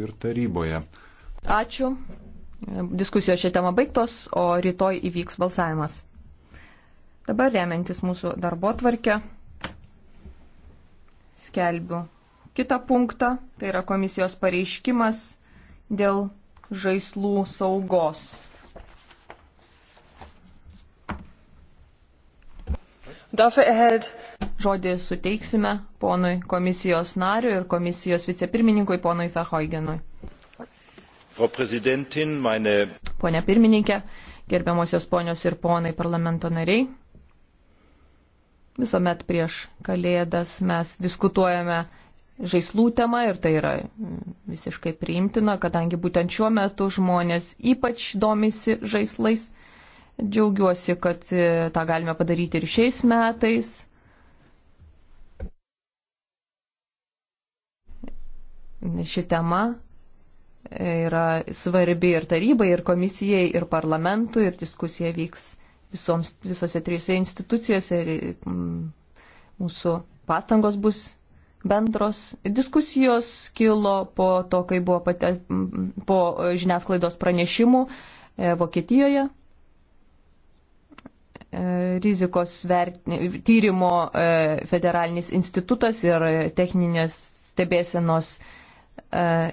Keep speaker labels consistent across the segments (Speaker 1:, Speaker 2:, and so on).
Speaker 1: ir taryboje.
Speaker 2: Ačiū. Diskusijos šią temą baigtos, o rytoj įvyks balsavimas. Dabar remiantis mūsų darbo tvarkę, skelbiu kitą punktą, tai yra komisijos pareiškimas dėl žaislų saugos. Dafür erhält žodį suteiksime ponui komisijos nariui ir komisijos vicepirmininkui ponui Fehoigenui. Meine... Pone pirmininkė, gerbiamosios ponios ir ponai parlamento nariai, visuomet prieš kalėdas mes diskutuojame žaislų tema ir tai yra visiškai priimtina, kadangi būtent šiuo metu žmonės ypač domisi žaislais. Džiaugiuosi, kad tą galime padaryti ir šiais metais. Ši tema yra svarbi ir tarybai, ir komisijai, ir parlamentui, ir diskusija vyks visoms, visose trijose institucijose, ir mm, mūsų pastangos bus bendros. Diskusijos kilo po to, kai buvo pate, mm, po žiniasklaidos pranešimų e, Vokietijoje. E, rizikos vert, tyrimo e, federalinis institutas ir techninės stebėsenos E,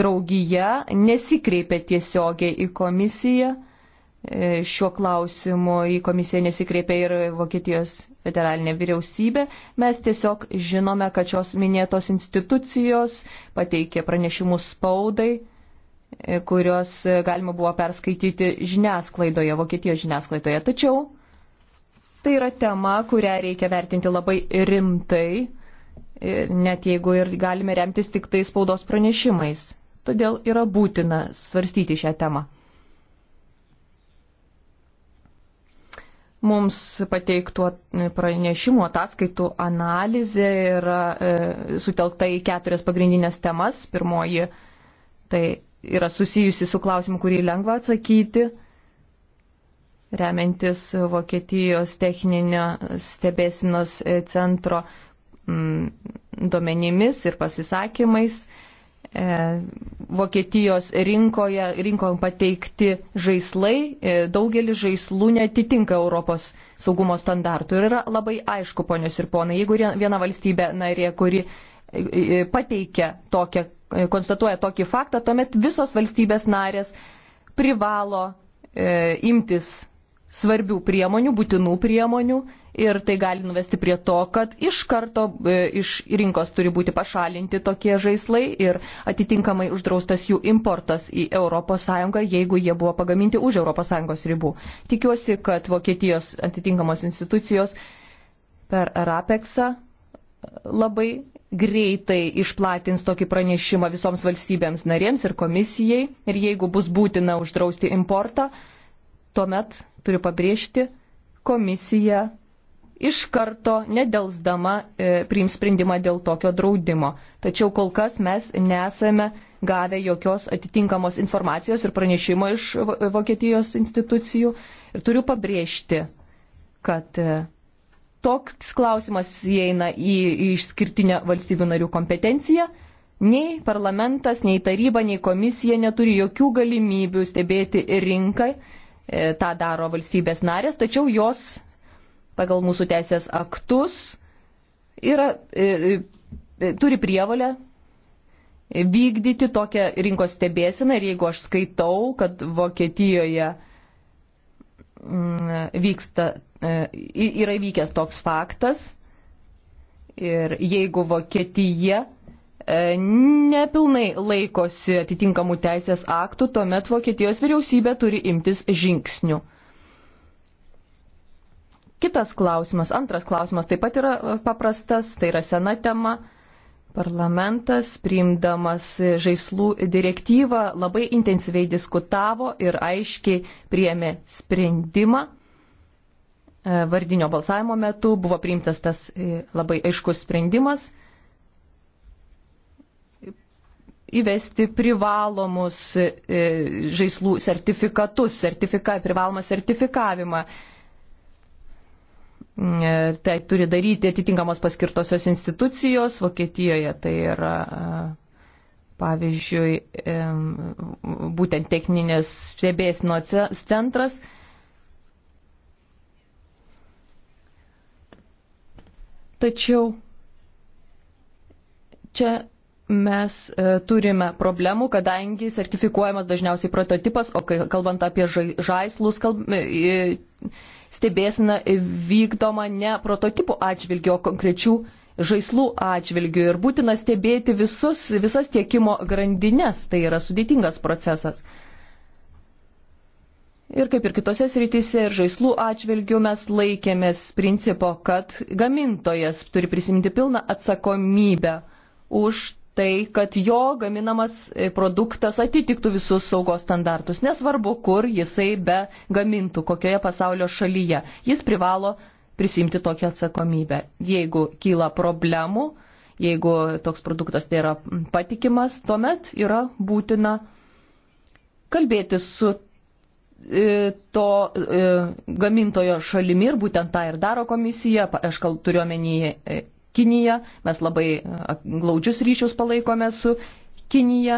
Speaker 2: draugija nesikreipė tiesiogiai į komisiją. E, šiuo klausimu į komisiją nesikreipė ir Vokietijos federalinė vyriausybė. Mes tiesiog žinome, kad šios minėtos institucijos pateikė pranešimus spaudai, e, kurios galima buvo perskaityti žiniasklaidoje, Vokietijos žiniasklaidoje. Tačiau tai yra tema, kurią reikia vertinti labai rimtai net jeigu ir galime remtis tik tai spaudos pranešimais. Todėl yra būtina svarstyti šią temą. Mums pateiktų pranešimų ataskaitų analizė yra e, sutelkta į keturias pagrindinės temas. Pirmoji tai yra susijusi su klausimu, kurį lengva atsakyti, remiantis Vokietijos techninio stebėsinos e, centro Mm, duomenimis ir pasisakymais e, Vokietijos rinkoje, rinkom pateikti žaislai, e, daugelis žaislų netitinka Europos saugumo standartų. Ir yra labai aišku, ponios ir ponai, jeigu viena valstybė narė, kuri e, pateikia tokią, konstatuoja tokį faktą, tuomet visos valstybės narės privalo imtis svarbių priemonių, būtinų priemonių ir tai gali nuvesti prie to, kad iš karto e, iš rinkos turi būti pašalinti tokie žaislai ir atitinkamai uždraustas jų importas į ES, jeigu jie buvo pagaminti už ES ribų. Tikiuosi, kad Vokietijos atitinkamos institucijos per RAPEXą labai greitai išplatins tokį pranešimą visoms valstybėms narėms ir komisijai ir jeigu bus būtina uždrausti importą, tuomet, turiu pabrėžti, komisija iš karto, nedelsdama, e, priims sprendimą dėl tokio draudimo. Tačiau kol kas mes nesame gavę jokios atitinkamos informacijos ir pranešimo iš Vokietijos institucijų. Ir turiu pabrėžti, kad e, toks klausimas įeina į, į išskirtinę valstybių narių kompetenciją. Nei parlamentas, nei taryba, nei komisija neturi jokių galimybių stebėti rinkai E, tą daro valstybės narės, tačiau jos pagal mūsų teisės aktus yra, e, e, turi prievalę vykdyti tokią rinkos stebėsiną ir jeigu aš skaitau, kad Vokietijoje mm, vyksta, yra įvykęs toks faktas ir jeigu Vokietija E, nepilnai laikosi atitinkamų teisės aktų, tuomet Vokietijos vyriausybė turi imtis žingsnių. Kitas klausimas, antras klausimas taip pat yra e, paprastas, tai yra sena tema. Parlamentas, priimdamas žaislų direktyvą, labai intensyviai diskutavo ir aiškiai priėmė sprendimą. E, vardinio balsavimo metu buvo priimtas tas labai aiškus sprendimas įvesti privalomus e, žaislų sertifikatus, sertifika, privalomą sertifikavimą. E, tai turi daryti atitinkamos paskirtosios institucijos, Vokietijoje tai yra e, pavyzdžiui būtent techninės stebėsino centras. Tačiau čia mes e, turime problemų, kadangi sertifikuojamas dažniausiai prototipas, o kalbant apie žaislus, kalb... E, e, stebėsina vykdoma ne prototipų atžvilgiu, o konkrečių žaislų atžvilgiu. Ir būtina stebėti visus, visas tiekimo grandinės, tai yra sudėtingas procesas. Ir kaip ir kitose srityse, ir žaislų atžvilgių mes laikėmės principo, kad gamintojas turi prisimti pilną atsakomybę už tai, kad jo gaminamas e, produktas atitiktų visus saugos standartus. Nesvarbu, kur jisai be gamintų, kokioje pasaulio šalyje. Jis privalo prisimti tokią atsakomybę. Jeigu kyla problemų, jeigu toks produktas tai yra patikimas, tuomet yra būtina kalbėti su e, to e, gamintojo šalimi ir būtent tą ir daro komisija. Aš turiu omenyje Kinija, mes labai e, glaudžius ryšius palaikome su Kinija,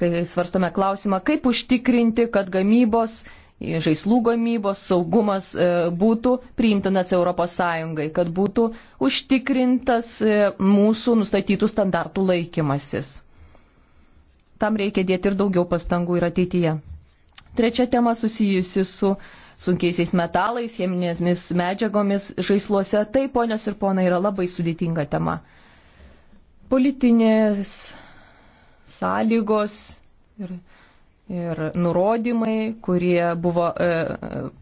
Speaker 2: kai svarstome klausimą, kaip užtikrinti, kad gamybos, e, žaislų gamybos saugumas e, būtų priimtinas ES, kad būtų užtikrintas mūsų nustatytų standartų laikymasis. Tam reikia dėti ir daugiau pastangų ir ateityje. Trečia tema susijusi su uh, sunkiaisiais metalais, cheminėmis medžiagomis žaisluose. Tai, ponios ir ponai, yra labai sudėtinga tema. Politinės sąlygos ir ir nurodymai, kurie buvo e,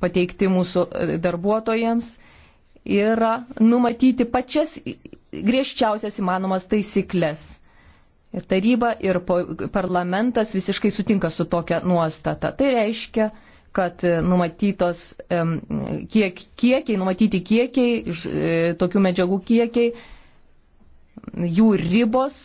Speaker 2: pateikti mūsų e, darbuotojams, yra numatyti pačias griežčiausias įmanomas taisyklės. Ir taryba, ir parlamentas visiškai sutinka su tokia nuostata. Tai reiškia, kad e, numatytos kiek, kiekiai, numatyti kiekiai, iš, e, tokių medžiagų kiekiai, jų ribos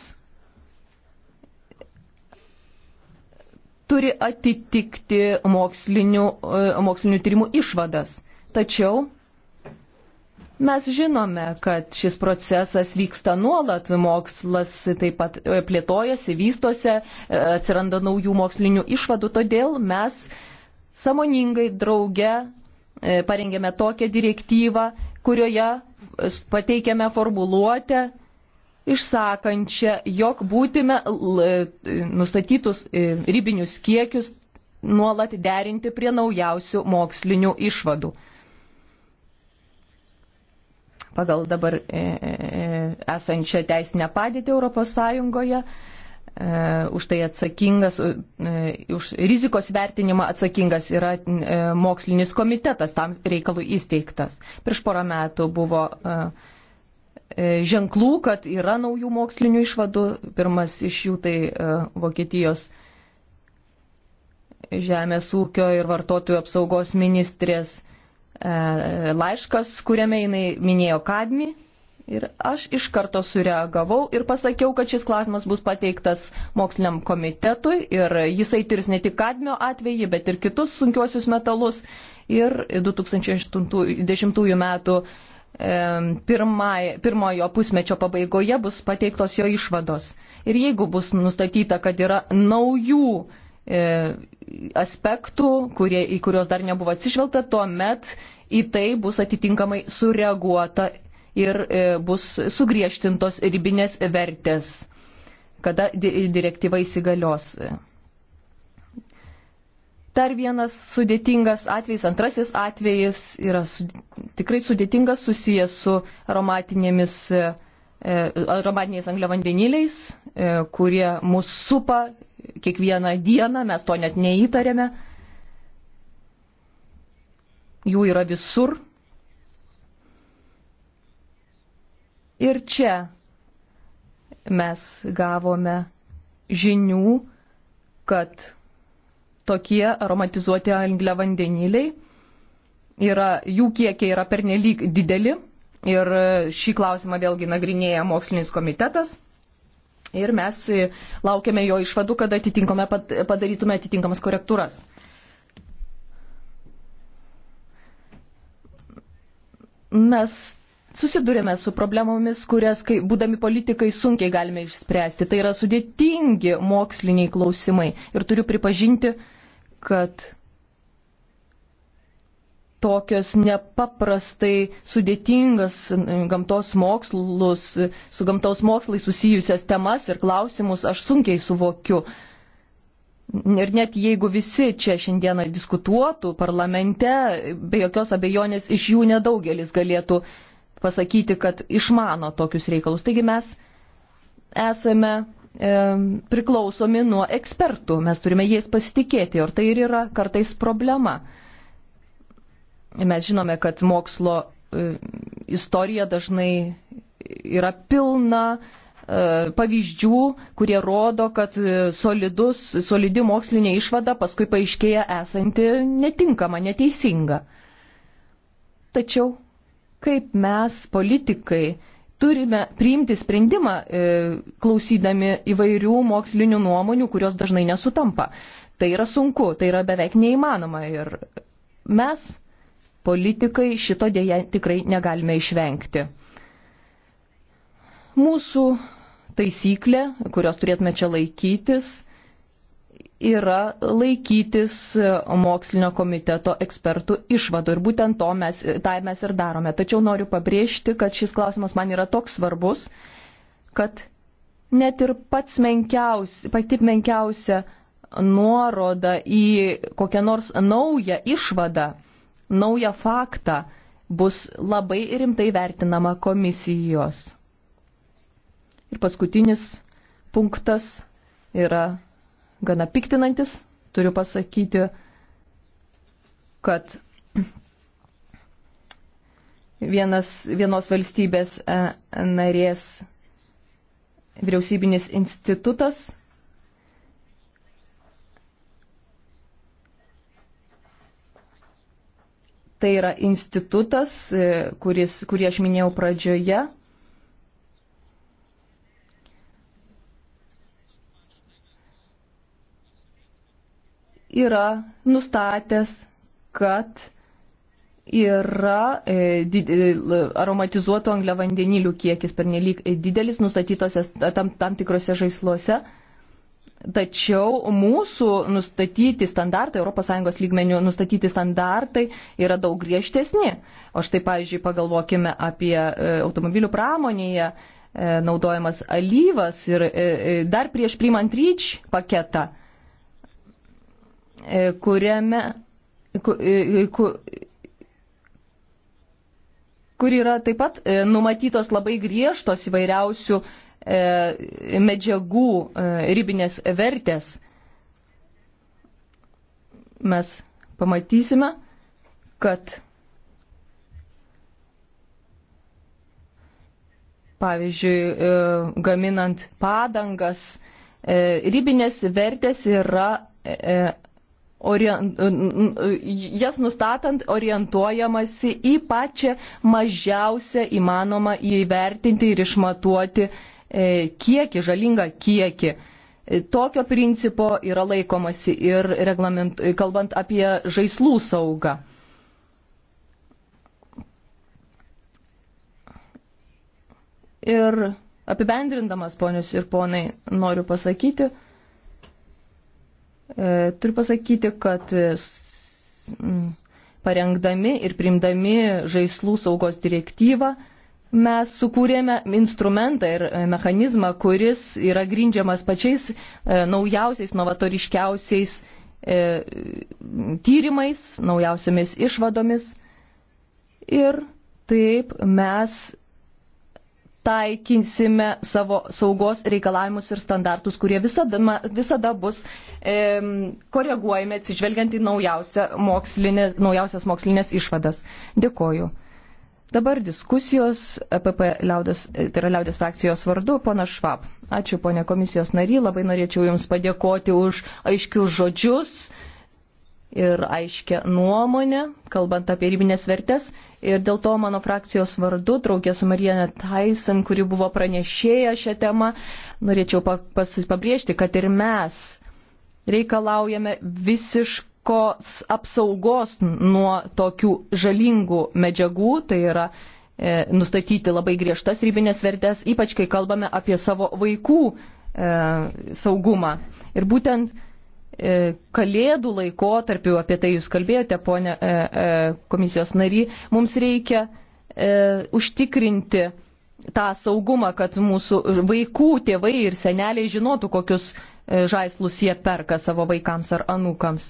Speaker 2: turi atitikti mokslinių, e, mokslinių tyrimų išvadas. Tačiau Mes žinome, kad šis procesas vyksta nuolat, mokslas taip pat plėtojasi, vystosi, atsiranda naujų mokslinių išvadų, todėl mes samoningai drauge e, parengėme tokią direktyvą, kurioje e, pateikėme formuluotę išsakančią, jog būtume e, nustatytus ribinius kiekius nuolat derinti prie naujausių mokslinių išvadų. Pagal dabar esančią teisinę padėtį Europos Sąjungoje E, už tai atsakingas, e, už rizikos vertinimą atsakingas yra e, mokslinis komitetas tam reikalui įsteigtas. Prieš porą metų buvo ženklų, kad yra naujų mokslinių išvadų. Pirmas iš jų tai Vokietijos žemės ūkio ir vartotojų apsaugos ministrės laiškas, kuriame jinai minėjo kadmį Ir aš iš karto sureagavau ir pasakiau, kad šis klausimas bus pateiktas moksliniam komitetui ir jisai tirs ne tik kadmio atvejį, bet ir kitus sunkiuosius metalus. Ir 2010 metų e, pirmai, pirmojo pusmečio pabaigoje bus pateiktos jo išvados. Ir jeigu bus nustatyta, kad yra naujų e, aspektų, kurie, į kuriuos dar nebuvo atsižvelgta, tuomet į tai bus atitinkamai sureaguota ir e, bus sugriežtintos ribinės vertės, kada di direktyva įsigalios. Dar vienas sudėtingas atvejis, antrasis atvejis yra su, tikrai sudėtingas susijęs su aromatinėmis, e, e aromatiniais angliavandeniliais, e, kurie mus supa kiekvieną dieną, mes to net neįtarėme. Jų yra visur, Ir čia mes gavome žinių, kad tokie aromatizuoti angliavandeniliai yra, jų kiekiai yra pernelyg dideli ir šį klausimą vėlgi nagrinėja mokslinis komitetas. Ir mes laukiame jo išvadų, kad padarytume atitinkamas korektūras. Mes susidurėme su problemomis, kurias, kai, būdami politikai, sunkiai galime išspręsti. Tai yra sudėtingi moksliniai klausimai. Ir turiu pripažinti, kad tokios nepaprastai sudėtingas gamtos mokslus, su gamtos mokslai susijusias temas ir klausimus aš sunkiai suvokiu. Ir net jeigu visi čia šiandieną diskutuotų parlamente, be jokios abejonės iš jų nedaugelis galėtų uh, pasakyti, kad išmano tokius reikalus. Taigi mes esame e, priklausomi nuo ekspertų, mes turime jais pasitikėti ir tai ir yra kartais problema. Mes žinome, kad mokslo e, istorija dažnai yra pilna e, pavyzdžių, kurie rodo, kad e, solidus, solidi mokslinė išvada paskui paaiškėja esanti netinkama, neteisinga. Tačiau kaip mes, politikai, turime priimti sprendimą, e, klausydami įvairių mokslinių nuomonių, kurios dažnai nesutampa. Tai yra sunku, tai yra beveik neįmanoma ir mes, politikai, šito dėje tikrai negalime išvengti. Mūsų taisyklė, kurios turėtume čia laikytis, yra laikytis mokslinio komiteto ekspertų išvadų. Ir būtent to mes, tai mes ir darome. Tačiau noriu pabrėžti, kad šis klausimas man yra toks svarbus, kad net ir pats menkiausia, pati menkiausia nuoroda į kokią nors naują išvadą, naują faktą bus labai rimtai vertinama komisijos. Ir paskutinis punktas yra gana piktinantis. Turiu pasakyti, kad vienas, vienos valstybės e, narės vyriausybinis institutas Tai yra institutas, e, kuris, kurį aš minėjau pradžioje, yra nustatęs, kad yra e, did, e, aromatizuotų angliavandenilių kiekis pernelyg e, didelis nustatytose tam, tam tikrose žaisluose. Tačiau mūsų nustatyti standartai, ES lygmenių nustatyti standartai yra daug griežtesni. O štai, pavyzdžiui, pagalvokime apie e, automobilių pramonėje e, naudojamas alyvas ir dar prieš priimant ryč paketą E, kuriame, kur, e, e, kur, kur yra taip pat numatytos labai griežtos įvairiausių medžiagų ribinės vertės. Mes pamatysime, kad pavyzdžiui, gaminant padangas, ribinės vertės yra orient, jas nustatant orientuojamasi į pačią mažiausią įmanomą įvertinti ir išmatuoti e, kiekį, žalingą kiekį. E, tokio principo yra laikomasi ir kalbant apie žaislų saugą. Ir apibendrindamas, ponius ir ponai, noriu pasakyti, E, turiu pasakyti, kad e, parengdami ir primdami žaislų saugos direktyvą mes sukūrėme instrumentą ir e, mechanizmą, kuris yra grindžiamas pačiais naujausiais, novatoriškiausiais tyrimais, naujausiamis išvadomis. Ir taip mes taikinsime savo saugos reikalavimus ir standartus, kurie visada, visada bus e, koreguojami atsižvelgiant į naujausia mokslinė, naujausias mokslinės išvadas. Dėkoju. Dabar diskusijos e PP liaudės, e, tai yra liaudės frakcijos vardu, pana Švab. Ačiū, ponė komisijos nary, labai norėčiau Jums padėkoti už aiškius žodžius ir aiškę nuomonę, kalbant apie rybinės vertės. Ir dėl to mano frakcijos vardu, draugė su Marianne Tyson, kuri buvo pranešėja šią temą, norėčiau pabrėžti, kad ir mes reikalaujame visiškos apsaugos nuo tokių žalingų medžiagų, tai yra e, nustatyti labai griežtas rybinės vertės, ypač kai kalbame apie savo vaikų e, saugumą. Ir būtent E, kalėdų laikotarpiu, apie tai jūs kalbėjote, ponė e, e, komisijos nary, mums reikia užtikrinti tą saugumą, kad mūsų vaikų tėvai ir seneliai žinotų, kokius žaislus jie perka savo vaikams ar anūkams.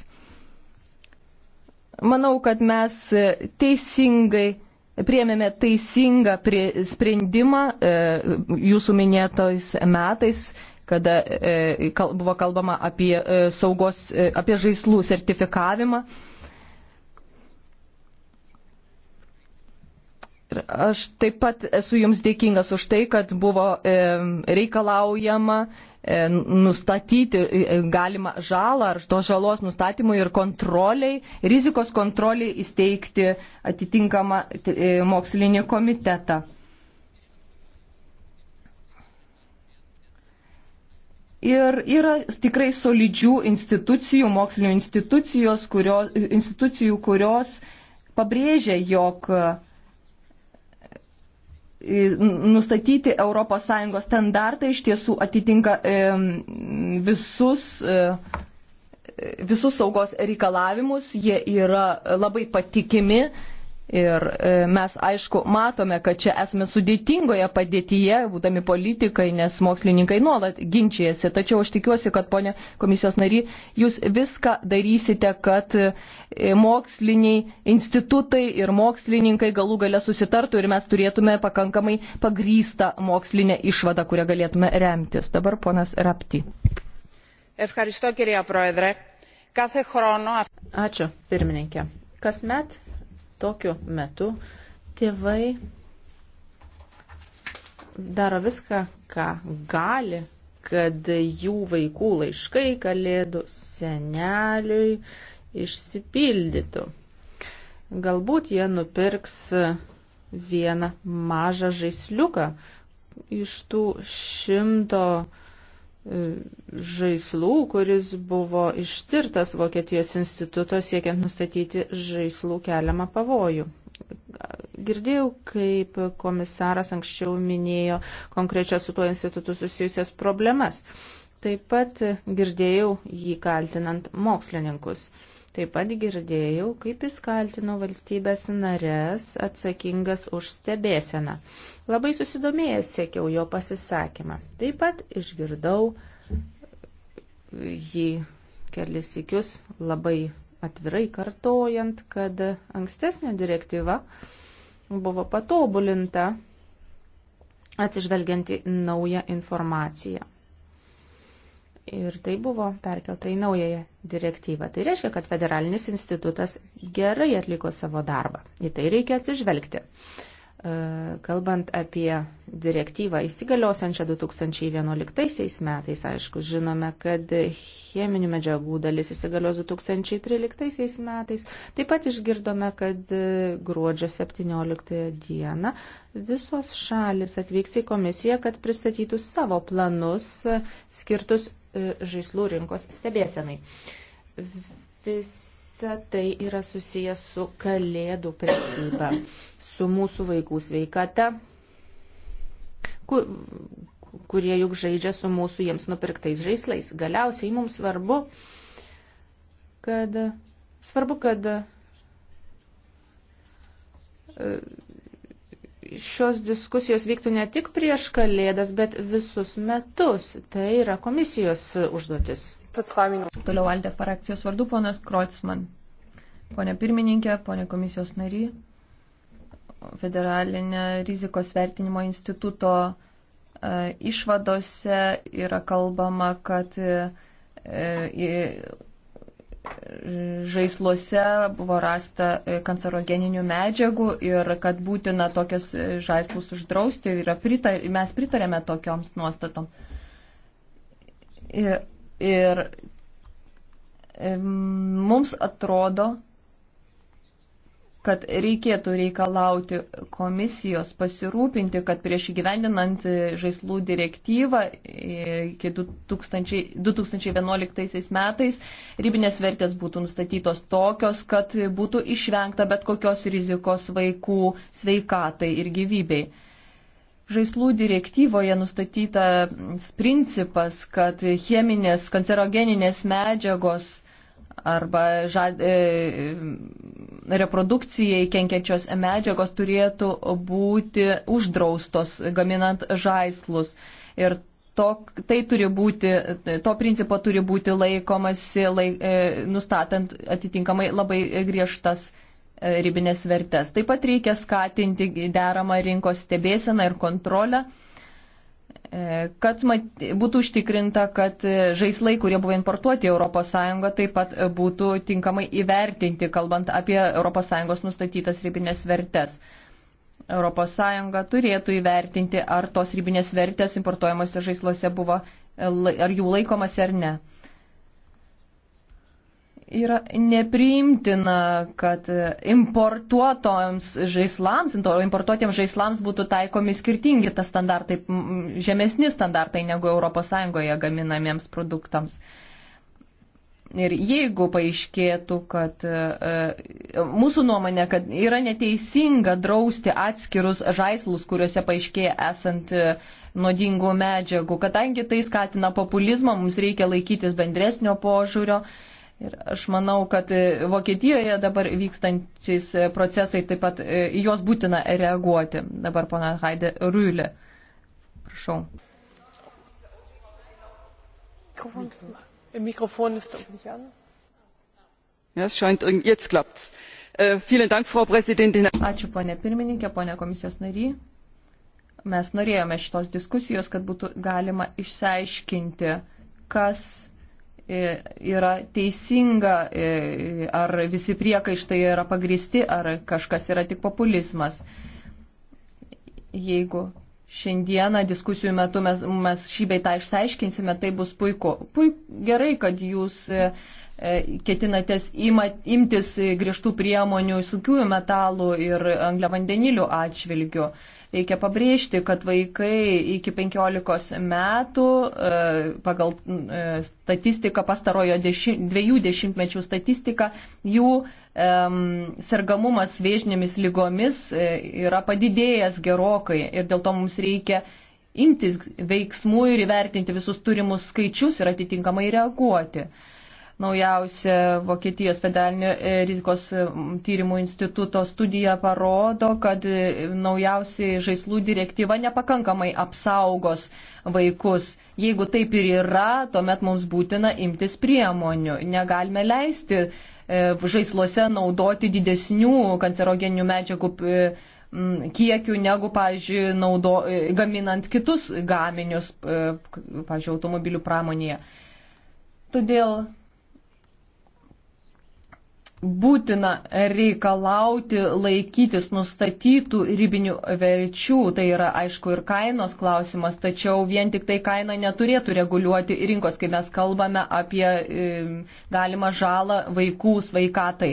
Speaker 2: Manau, kad mes teisingai priemėme teisingą sprendimą jūsų minėtais metais kada e, kal, buvo kalbama apie, e, saugos, e, apie žaislų sertifikavimą. Ir aš taip pat esu jums dėkingas už tai, kad buvo e, reikalaujama e, nustatyti e, galima žalą ar to žalos nustatymui ir kontroliai, rizikos kontroliai įsteigti atitinkamą e, mokslinį komitetą. Ir yra tikrai solidžių institucijų, mokslinio institucijos, kurio, institucijų, kurios pabrėžia, jog e, nustatyti ES standartai iš tiesų atitinka e, visus, e, visus saugos reikalavimus, jie yra labai patikimi Ir e, mes, aišku, matome, kad čia esame sudėtingoje padėtyje, būdami politikai, nes mokslininkai nuolat ginčijasi. Tačiau aš tikiuosi, kad, ponė komisijos nary, jūs viską darysite, kad e, moksliniai institutai ir mokslininkai galų gale susitartų ir mes turėtume pakankamai pagrystą mokslinę išvadą, kurią galėtume remtis. Dabar ponas Rapti.
Speaker 3: Ačiū, pirmininkė. Kasmet tokiu metu tėvai daro viską, ką gali, kad jų vaikų laiškai kalėdų seneliui išsipildytų. Galbūt jie nupirks vieną mažą žaisliuką iš tų šimto 100 žaislų, kuris buvo ištirtas Vokietijos instituto siekiant nustatyti žaislų keliamą pavojų. Girdėjau, kaip komisaras anksčiau minėjo konkrečias su tuo institutu susijusias problemas. Taip pat girdėjau jį kaltinant mokslininkus. Taip pat girdėjau, kaip jis kaltino valstybės narės atsakingas už stebėseną. Labai susidomėjęs siekiau jo pasisakymą. Taip pat išgirdau jį kelis įkius labai atvirai kartojant, kad ankstesnė direktyva buvo patobulinta atsižvelgianti naują informaciją ir tai buvo perkelta į naująją direktyvą. Tai reiškia, kad federalinis institutas gerai atliko savo darbą. Į tai reikia atsižvelgti. E, kalbant apie direktyvą įsigaliosiančią 2011 metais, aišku, žinome, kad cheminių medžiagų dalis įsigalios 2013 metais. Taip pat išgirdome, kad e, gruodžio 17 dieną visos šalis atvyks į komisiją, kad pristatytų savo planus e, skirtus žaislų rinkos stebėsenai. Visa tai yra susijęs su kalėdų prekyba su mūsų vaikų sveikata, kurie juk žaidžia su mūsų jiems nupirktais žaislais. Galiausiai mums svarbu, kad, svarbu, kad e, šios diskusijos vyktų ne tik prieš kalėdas, bet visus metus. Tai yra komisijos užduotis. Toliau Aldė frakcijos vardu ponas Kreutzmann. Pone pirmininkė, pone komisijos
Speaker 2: nary, federalinio rizikos vertinimo instituto e, išvadose yra kalbama, kad e, e, žaisluose buvo rasta kancerogeninių medžiagų ir kad būtina tokias žaislus uždrausti ir pritar, mes pritarėme tokioms nuostatom. Ir, ir mums atrodo, kad reikėtų reikalauti komisijos pasirūpinti, kad prieš įgyvendinant žaislų direktyvą iki 2000, 2011 metais ribinės vertės būtų nustatytos tokios, kad būtų išvengta bet kokios rizikos vaikų sveikatai ir gyvybei. Žaislų direktyvoje nustatytas principas, kad cheminės kancerogeninės medžiagos arba žad, e, reprodukcijai kenkiančios medžiagos turėtų būti uždraustos gaminant žaislus. Ir to, tai turi būti, to principo turi būti laikomasi, laik, e, nustatant atitinkamai labai griežtas e, ribinės vertės. Taip pat reikia skatinti deramą rinkos stebėseną ir kontrolę. E, kad būtų užtikrinta, kad e, žaislai, kurie buvo importuoti į ES, taip pat e, būtų tinkamai įvertinti, kalbant apie ES nustatytas ribinės vertes. ES turėtų įvertinti, ar tos ribinės vertės importuojamuose žaisluose buvo, ar jų laikomasi ar ne. Yra nepriimtina, kad importuotojams žaislams, importuotiems žaislams būtų taikomi skirtingi ta standartai, žemesni standartai negu ES gaminamiems produktams. Ir jeigu paaiškėtų, kad e, mūsų nuomonė, kad yra neteisinga drausti atskirus žaislus, kuriuose paaiškėja esant e, nuodingų medžiagų, kadangi tai skatina populizmą, mums reikia laikytis bendresnio požiūrio Ir aš manau, kad e, Vokietijoje dabar vykstančiais e, procesai taip pat e, į juos būtina reaguoti. Dabar pana Haidė Rūlė. Prašau. Mikrofon ist doch nicht an.
Speaker 3: Ja, es scheint, äh, jetzt klappt's. Äh, vielen Dank, Frau
Speaker 2: Präsidentin. Ačiū, ponė pirmininkė, ponė komisijos nary. Mes norėjome šitos diskusijos, kad būtų galima išsiaiškinti, kas E, yra teisinga, e, ar visi priekaištai yra pagristi, ar kažkas yra tik populizmas. Jeigu šiandieną diskusijų metu mes, mes šį beitą išsiaiškinsime, tai bus puiku. Puik, gerai, kad jūs e, E, ketinatės imtis griežtų priemonių sunkiųjų metalų ir angliavandenilių atšvilgių. Reikia pabrėžti, kad vaikai iki 15 metų e, pagal e, statistiką, pastarojo deši, dviejų dešimtmečių statistiką, jų sergamumas viežinėmis lygomis yra padidėjęs gerokai ir dėl to mums reikia imtis veiksmų ir įvertinti visus turimus skaičius ir atitinkamai reaguoti. Uh, Naujausia Vokietijos federalinio e, rizikos e, tyrimų instituto studija parodo, kad e, naujausiai žaislų direktyva nepakankamai apsaugos vaikus. Jeigu taip ir yra, tuomet mums būtina imtis priemonių. Negalime leisti žaisluose naudoti didesnių kancerogeninių medžiagų kiekių negu, pavyzdžiui, naudo, gaminant kitus gaminius, pavyzdžiui, automobilių pramonėje. Todėl būtina reikalauti laikytis nustatytų ribinių verčių. Tai yra, aišku, ir kainos klausimas, tačiau vien tik tai kaina neturėtų reguliuoti rinkos, kai mes kalbame apie e, galimą žalą vaikų sveikatai.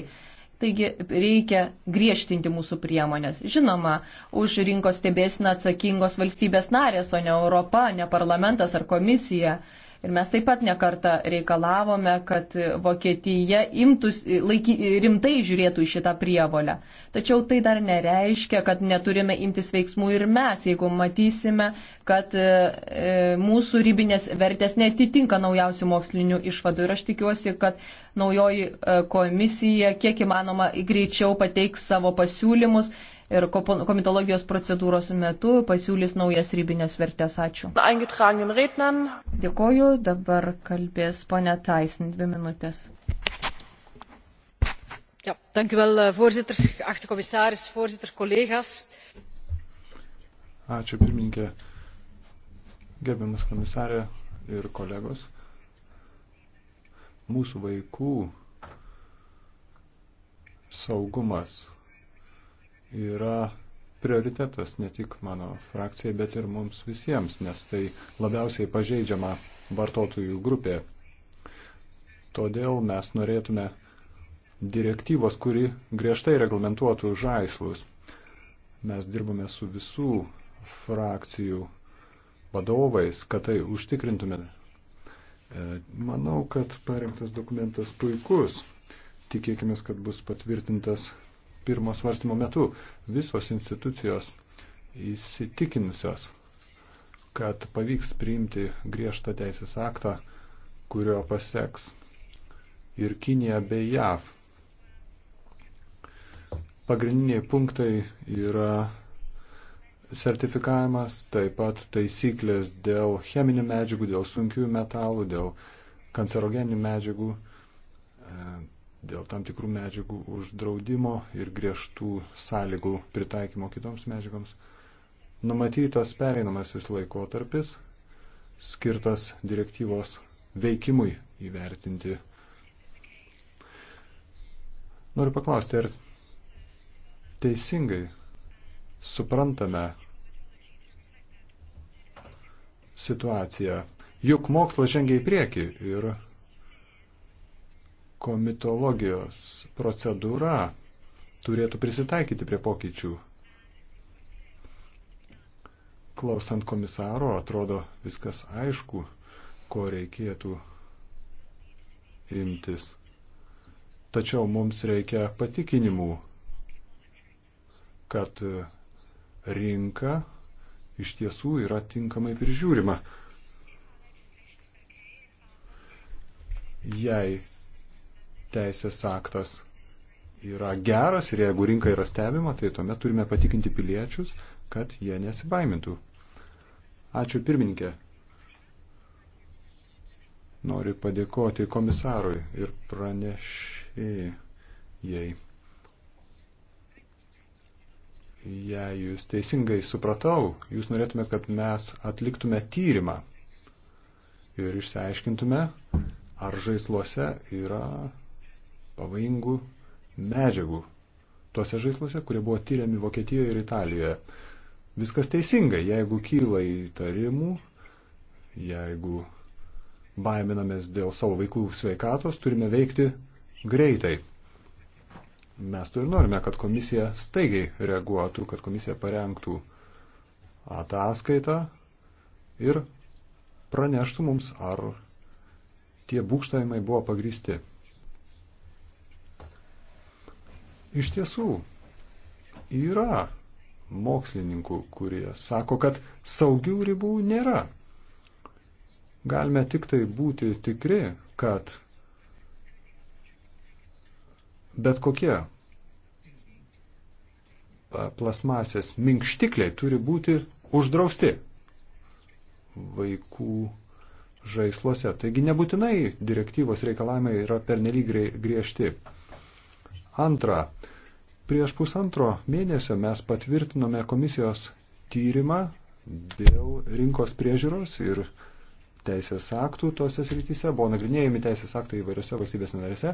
Speaker 2: Taigi reikia griežtinti mūsų priemonės. Žinoma, už rinkos stebėsina atsakingos valstybės narės, o ne Europa, ne parlamentas ar komisija. E, Ir mes taip pat nekartą reikalavome, kad Vokietija imtus, laiky, rimtai žiūrėtų į šitą prievolę. Tačiau tai dar nereiškia, kad neturime imtis veiksmų ir mes, jeigu matysime, kad e, e mūsų rybinės vertės netitinka naujausių mokslinių išvadų. Ir aš tikiuosi, kad naujoji e, komisija kiek įmanoma greičiau pateiks savo pasiūlymus ir komitologijos procedūros metu pasiūlys naujas rybinės vertės. Ačiū. Dėkoju, dabar kalbės ponia Taisin, dvi minutės. Ja, dank u wel, eh, voorzitter, geachte commissaris, voorzitter, collega's.
Speaker 1: Ačiū, pirmininkė, gerbiamas komisarė ir kolegos. Mūsų vaikų saugumas yra prioritetas ne tik mano frakcijai, bet ir mums visiems, nes tai labiausiai pažeidžiama vartotojų grupė. Todėl mes norėtume direktyvos, kuri griežtai reglamentuotų žaislus. Mes dirbame su visų frakcijų vadovais, kad tai užtikrintume. E, manau, kad parengtas dokumentas puikus. Tikėkime, kad bus patvirtintas pirmo svarstymo metu visos institucijos įsitikinusios, kad pavyks priimti griežtą teisės aktą, kurio paseks ir Kinija bei JAV. Pagrindiniai punktai yra sertifikavimas, taip pat taisyklės dėl cheminių medžiagų, dėl sunkių metalų, dėl kancerogeninių medžiagų, dėl tam tikrų medžiagų uždraudimo ir griežtų sąlygų pritaikymo kitoms medžiagoms. Numatytas pereinamasis laikotarpis skirtas direktyvos veikimui įvertinti. Noriu paklausti, ar teisingai suprantame situaciją. Juk mokslas žengia į priekį ir komitologijos procedūra turėtų prisitaikyti prie pokyčių. Klausant komisaro, atrodo viskas aišku, ko reikėtų imtis. Tačiau mums reikia patikinimų, kad rinka iš tiesų yra tinkamai prižiūrima. Jei teisės aktas yra geras ir jeigu rinka yra stebima, tai tuomet turime patikinti piliečius, kad jie nesibaimintų. Ačiū pirmininkė. Noriu padėkoti komisarui ir pranešėjai. Jei jūs teisingai supratau, jūs norėtume, kad mes atliktume tyrimą ir išsiaiškintume, ar žaisluose yra pavojingų medžiagų tuose žaisluose, kurie buvo tyriami Vokietijoje ir Italijoje. Viskas teisinga, jeigu kyla įtarimų, jeigu baiminamės dėl savo vaikų sveikatos, turime veikti greitai. Mes to ir norime, kad komisija staigiai reaguotų, kad komisija parengtų ataskaitą ir praneštų mums, ar tie būkštavimai buvo pagristi. Iš tiesų, yra mokslininkų, kurie sako, kad saugių ribų nėra. Galime tik tai būti tikri, kad bet kokie plasmasės minkštikliai turi būti uždrausti vaikų žaisluose. Taigi nebūtinai direktyvos reikalavimai yra pernelyg griežti. Antra, prieš pusantro mėnesio mes patvirtinome komisijos tyrimą dėl rinkos priežiūros ir teisės aktų tose srityse. Buvo nagrinėjami teisės aktai įvairiose valstybės narėse.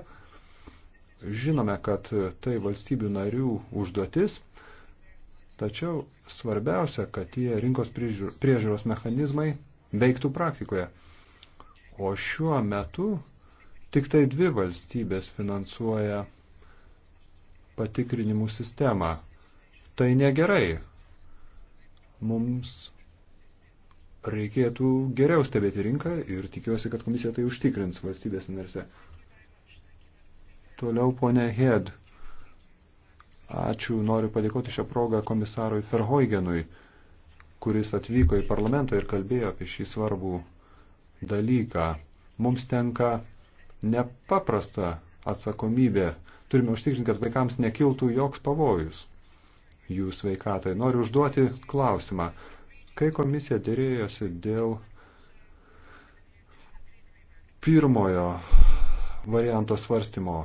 Speaker 1: Žinome, kad tai valstybių narių užduotis, tačiau svarbiausia, kad tie rinkos priežiūros mechanizmai veiktų praktikoje. O šiuo metu tik tai dvi valstybės finansuoja patikrinimų sistemą. Tai negerai. Mums reikėtų geriau stebėti rinką ir tikiuosi, kad komisija tai užtikrins valstybės narse. Toliau ponė Hed. Ačiū, noriu padėkoti šią progą komisarui Ferhoigenui, kuris atvyko į parlamentą ir kalbėjo apie šį svarbų dalyką. Mums tenka nepaprasta atsakomybė Turime užtikrinti, kad vaikams nekiltų joks pavojus jų sveikatai. Noriu užduoti klausimą. Kai komisija dėrėjosi dėl pirmojo varianto svarstymo,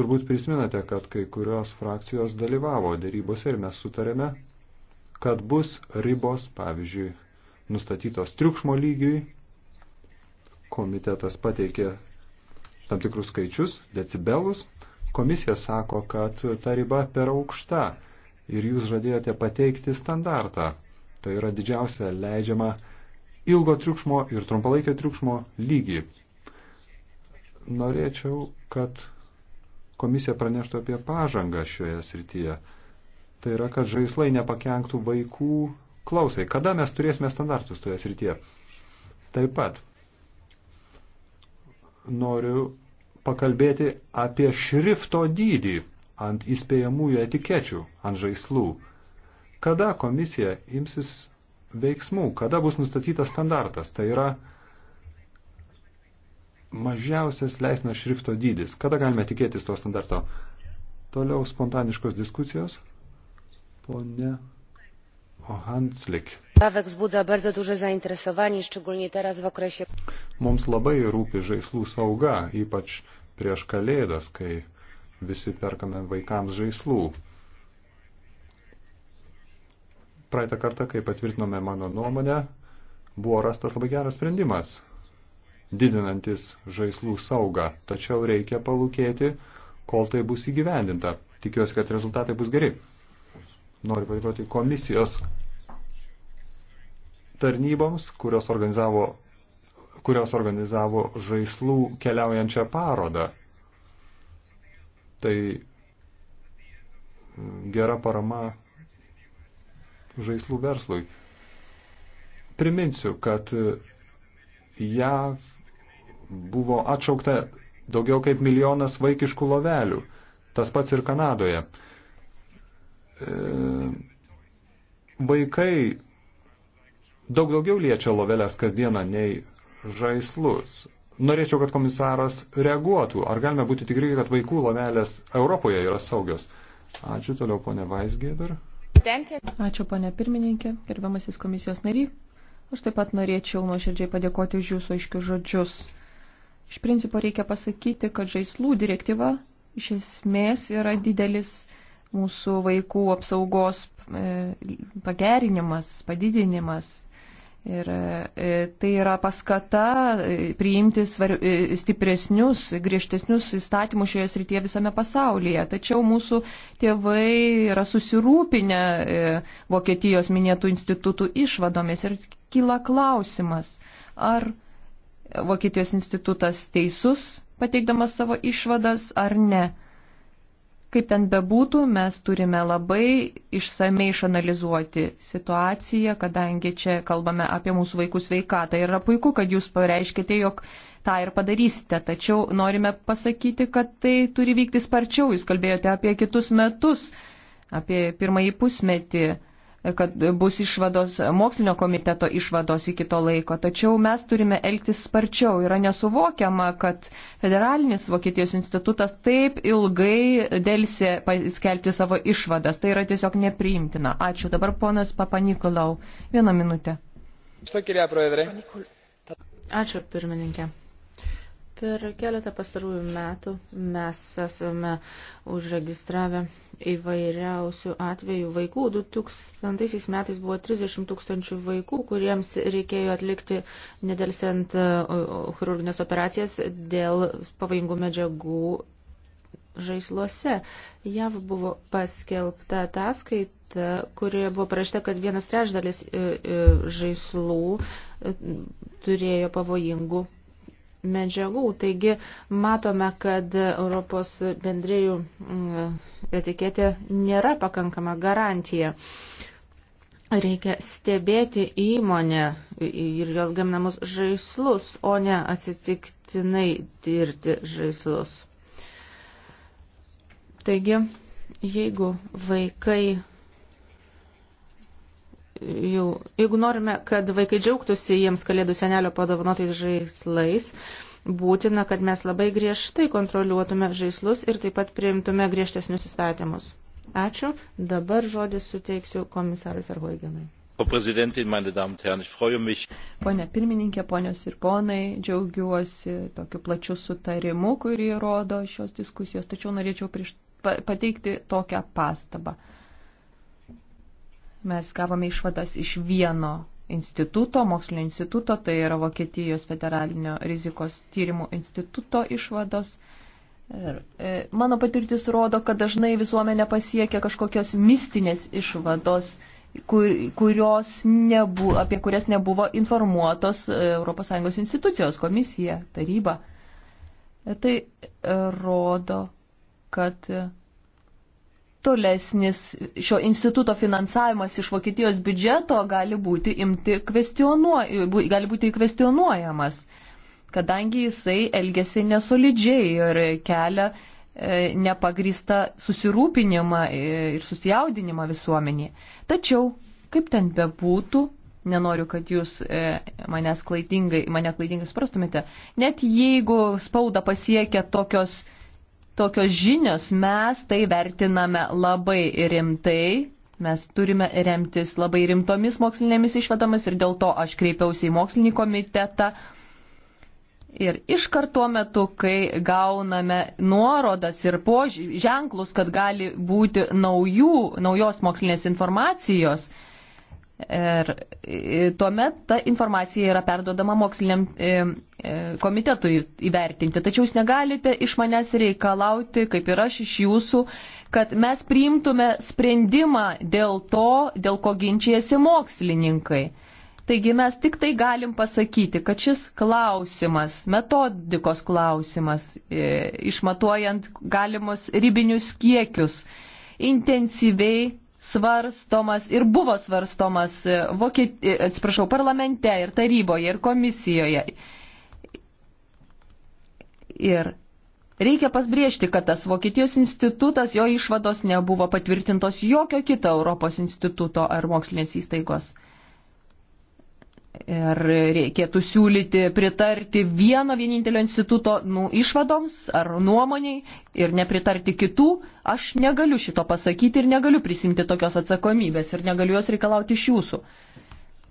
Speaker 1: turbūt prisimenate, kad kai kurios frakcijos dalyvavo dėrybose ir mes sutarėme, kad bus ribos, pavyzdžiui, nustatytos triukšmo lygiui. Komitetas pateikė tam tikrus skaičius, decibelus, Komisija sako, kad ta riba per aukšta ir jūs žadėjote pateikti standartą. Tai yra didžiausia leidžiama ilgo triukšmo ir trumpalaikio triukšmo lygį. Norėčiau, kad komisija praneštų apie pažangą šioje srityje. Tai yra, kad žaislai nepakenktų vaikų klausai. Kada mes turėsime standartus toje srityje? Taip pat noriu pakalbėti apie šrifto dydį ant įspėjamųjų etikečių, ant žaislų. Kada komisija imsis veiksmų, kada bus nustatytas standartas, tai yra mažiausias leisnas šrifto dydis, kada galime tikėtis to standarto. Toliau spontaniškos diskusijos. Pone Ohanslik. Pawek wzbudza bardzo duże
Speaker 3: zainteresowanie, szczególnie teraz w okresie.
Speaker 1: Mums labai rūpi žaislų sauga, ypač prieš kalėdas, kai visi perkame vaikams žaislų. Praeitą kartą, kai patvirtinome mano nuomonę, buvo rastas labai geras sprendimas, didinantis žaislų saugą, tačiau reikia palūkėti, kol tai bus įgyvendinta. Tikiuosi, kad rezultatai bus geri. Noriu padėkoti komisijos tarnyboms, kurios organizavo kurios organizavo žaislų keliaujančią parodą. Tai gera parama žaislų verslui. Priminsiu, kad JAV buvo atšaukta daugiau kaip milijonas vaikiškų lovelių. Tas pats ir Kanadoje. E, vaikai daug daugiau liečia lovelės kasdieną nei žaislus. Norėčiau, kad komisaras reaguotų. Ar galime būti tikri, kad vaikų lovelės Europoje yra saugios? Ačiū toliau, ponė Vaisgėder.
Speaker 2: Ačiū, ponė pirmininkė, gerbiamasis komisijos nary. Aš taip pat norėčiau nuoširdžiai padėkoti už jūsų aiškius žodžius. Iš principo reikia pasakyti, kad žaislų direktyva iš esmės yra didelis mūsų vaikų apsaugos e, pagerinimas, padidinimas, Ir e, tai yra paskata e, priimti svar, e, stipresnius, griežtesnius įstatymus šioje srityje visame pasaulyje. Tačiau mūsų tėvai yra susirūpinę Vokietijos minėtų institutų išvadomis ir kyla klausimas, ar Vokietijos institutas teisus pateikdamas savo išvadas ar ne. Kaip ten bebūtų, mes turime labai išsamei išanalizuoti situaciją, kadangi čia kalbame apie mūsų vaikų sveikatą. Ir yra puiku, kad jūs pareiškite, jog tą ir padarysite. Tačiau norime pasakyti, kad tai turi vykti sparčiau. Jūs kalbėjote apie kitus metus, apie pirmąjį pusmetį kad bus išvados, mokslinio komiteto išvados iki to laiko. Tačiau mes turime elgtis sparčiau. Yra nesuvokiama, kad federalinis Vokietijos institutas taip ilgai dėlsė paskelbti savo išvadas. Tai yra tiesiog nepriimtina. Ačiū. Dabar ponas Papanikolau. Vieną minutę.
Speaker 3: Ačiū, pirmininkė. Per keletą pastarųjų metų mes esame užregistravę įvairiausių atvejų vaikų. 2000 metais buvo 30 tūkstančių vaikų, kuriems reikėjo atlikti nedelsiant e, chirurginės operacijas dėl pavojingų medžiagų žaisluose. JAV buvo paskelbta ataskaita, kurioje buvo prašta, kad vienas trečdalis e, e, žaislų turėjo pavojingų medžiagų. Taigi matome, kad Europos bendrėjų mm, etiketė nėra pakankama garantija. Reikia stebėti įmonę ir jos gaminamus žaislus, o ne atsitiktinai tirti žaislus. Taigi, jeigu vaikai jau, jeigu norime, kad vaikai džiaugtųsi jiems kalėdų senelio padovanotais žaislais, būtina, kad mes labai griežtai kontroliuotume žaislus ir taip pat priimtume griežtesnius įstatymus. Ačiū. Dabar žodis suteiksiu komisarui Ferhoigenui.
Speaker 2: Pone pirmininkė, ponios ir ponai, džiaugiuosi tokiu plačiu sutarimu, kurį rodo šios diskusijos, tačiau norėčiau prieš, pateikti tokią pastabą. Mes gavome išvadas iš vieno instituto, mokslinio instituto, tai yra Vokietijos federalinio rizikos tyrimų instituto išvados. Ir, e, mano patirtis rodo, kad dažnai visuomenė pasiekia kažkokios mistinės išvados, kur, kurios nebu, apie kurias nebuvo informuotos ES institucijos, komisija, taryba. E, tai e, rodo, kad e, tolesnis šio instituto finansavimas iš Vokietijos biudžeto gali būti, imti gali būti kvestionuojamas, kadangi jisai elgesi nesolidžiai ir kelia e, nepagrįsta susirūpinimą e, ir susijaudinimą visuomenėje. Tačiau, kaip ten bebūtų, nenoriu, kad jūs e, mane klaidingai, mane klaidingai suprastumėte, net jeigu spauda pasiekia tokios tokios žinios, mes tai vertiname labai rimtai. Mes turime remtis labai rimtomis mokslinėmis išvadomis ir dėl to aš kreipiausi į mokslinį komitetą. Ir iškart tuo metu, kai gauname nuorodas ir poženklus, kad gali būti naujų, naujos mokslinės informacijos, uh, Ir tuomet ta informacija yra perduodama moksliniam komitetui įvertinti. Tačiau jūs negalite iš manęs reikalauti, kaip ir aš iš jūsų, kad mes priimtume sprendimą dėl to, dėl ko ginčijasi mokslininkai. Taigi mes tik tai galim pasakyti, kad šis klausimas, metodikos klausimas, išmatuojant galimus ribinius kiekius, intensyviai svarstomas ir buvo svarstomas e, Vokiet... E, atsiprašau, parlamente ir taryboje ir komisijoje. Ir reikia pasbriežti, kad tas Vokietijos institutas, jo išvados nebuvo patvirtintos jokio kito Europos instituto ar mokslinės įstaigos. Ir reikėtų siūlyti pritarti vieno vienintelio instituto nu, išvadoms ar nuomoniai ir nepritarti kitų. Aš negaliu šito pasakyti ir negaliu prisimti tokios atsakomybės ir negaliu jos reikalauti iš jūsų.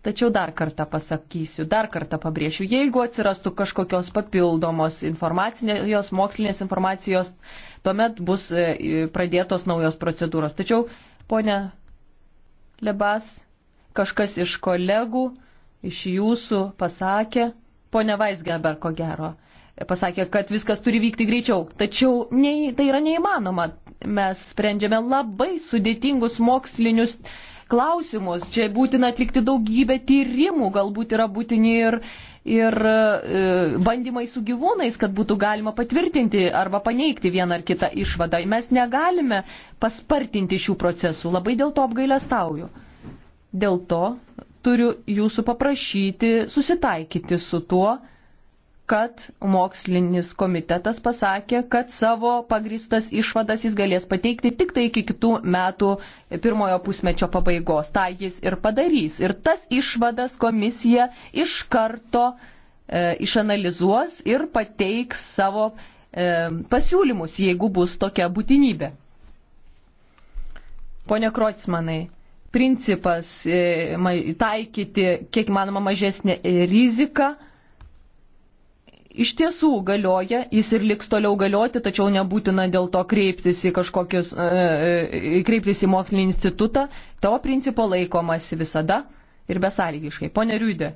Speaker 2: Tačiau dar kartą pasakysiu, dar kartą pabrėšiu, jeigu atsirastų kažkokios papildomos informacinės, mokslinės informacijos, tuomet bus e, pradėtos naujos procedūros. Tačiau, ponė Lebas, kažkas iš kolegų iš jūsų pasakė, ponia Vaisgeber, ko gero, pasakė, kad viskas turi vykti greičiau. Tačiau nei, tai yra neįmanoma. Mes sprendžiame labai sudėtingus mokslinius klausimus. Čia būtina atlikti daugybę tyrimų, galbūt yra būtini ir, ir e, bandymai su gyvūnais, kad būtų galima patvirtinti arba paneigti vieną ar kitą išvadą. Mes negalime paspartinti šių procesų. Labai dėl to apgailestauju. Dėl to turiu jūsų paprašyti susitaikyti su tuo, kad mokslinis komitetas pasakė, kad savo pagristas išvadas jis galės pateikti tik tai iki kitų metų pirmojo pusmečio pabaigos. Ta jis ir padarys. Ir tas išvadas komisija iš karto e, išanalizuos ir pateiks savo e, pasiūlymus, jeigu bus tokia būtinybė. Pone Krotsmanai, principas e, taikyti kiek manoma mažesnę riziką iš tiesų galioja, jis ir liks toliau galioti, tačiau nebūtina dėl to kreiptis į kažkokius, e, e, kreiptis į mokslinį institutą. To principo laikomasi visada ir besąlygiškai. Pone Riudė,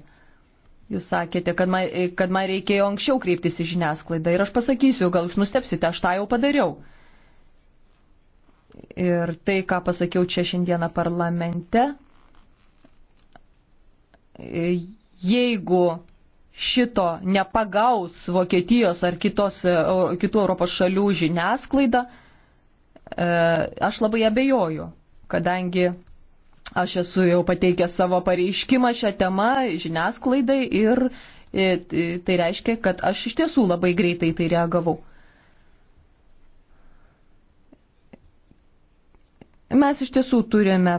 Speaker 2: jūs sakėte, kad man, kad man reikėjo anksčiau kreiptis į žiniasklaidą ir aš pasakysiu, gal jūs nustepsite, aš tą jau padariau ir tai, ką pasakiau čia šiandieną parlamente, jeigu šito nepagaus Vokietijos ar kitos, e, kitų Europos šalių žiniasklaida, e, aš labai abejoju, kadangi aš esu jau pateikęs savo pareiškimą šią temą žiniasklaidai ir e, tai reiškia, kad aš iš tiesų labai greitai tai reagavau. Mes iš tiesų turime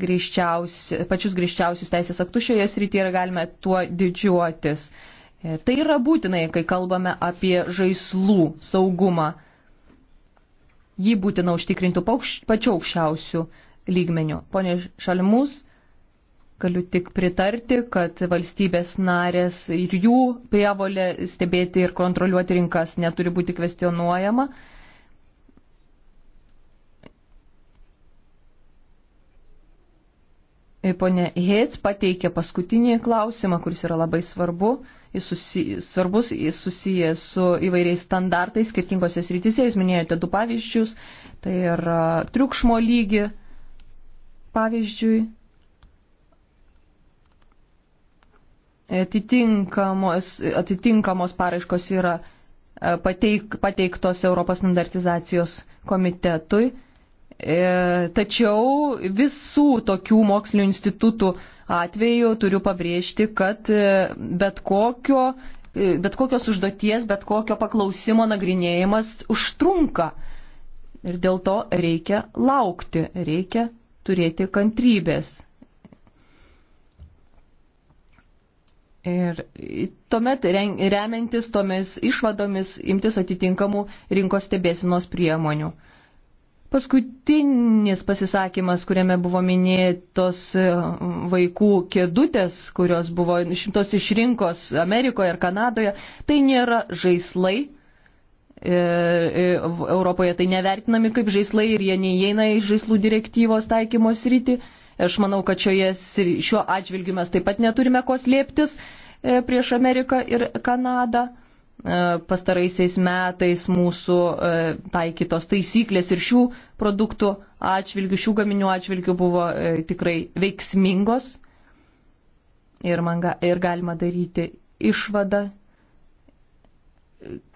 Speaker 2: grįžčiausi, pačius grįžčiausius teisės aktus šioje srityje ir galime tuo didžiuotis. Ir tai yra būtinai, kai kalbame apie žaislų saugumą. Jį būtina užtikrinti paukš, pačiu aukščiausiu lygmeniu. Pone Šalimus, galiu tik pritarti, kad valstybės narės ir jų prievolė stebėti ir kontroliuoti rinkas neturi būti kvestionuojama. E, Pone Heit pateikė paskutinį klausimą, kuris yra labai svarbu. Jis susi, svarbus, jis susijęs su įvairiais standartais skirtingose srityse. Jūs minėjote du pavyzdžius. Tai yra triukšmo lygi, pavyzdžiui, atitinkamos, atitinkamos paraiškos yra e, pateik, pateiktos Europos standartizacijos komitetui E, tačiau visų tokių mokslinio institutų atveju turiu pabrėžti, kad e, bet, kokio, e, bet kokios užduoties, bet kokio paklausimo nagrinėjimas užtrunka. Ir dėl to reikia laukti, reikia turėti kantrybės. Ir tuomet remiantis tomis išvadomis imtis atitinkamų rinkos stebėsinos priemonių. Paskutinis pasisakymas, kuriame buvo minėtos e, vaikų kėdutės, kurios buvo šimtos iš rinkos Amerikoje ir Kanadoje, tai nėra žaislai. E, e, Europoje tai nevertinami kaip žaislai ir jie neįeina į žaislų direktyvos taikymos rytį. Aš manau, kad šioje, šiuo atžvilgiu mes taip pat neturime ko slėptis prieš Ameriką ir Kanadą. E, pastaraisiais metais mūsų e, taikytos taisyklės ir šių produktų atžvilgių, šių gaminių atžvilgių buvo e, tikrai veiksmingos ir, man, ir galima daryti išvadą,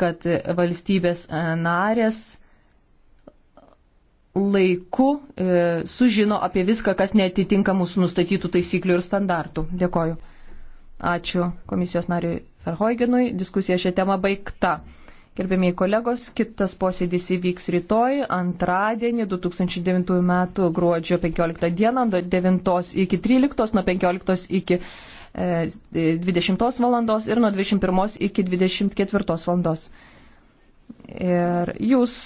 Speaker 2: kad valstybės narės laiku e, sužino apie viską, kas netitinka mūsų nustatytų taisyklių ir standartų. Dėkoju. Ačiū komisijos nariui Ferhoigenui. Diskusija šią temą baigta. Gerbėmiai kolegos, kitas posėdis įvyks rytoj, antradienį, 2009 m. gruodžio 15 d. nuo 9 iki 13, nuo 15 iki 20 e, val. ir nuo 21 iki 24 val. Ir jūs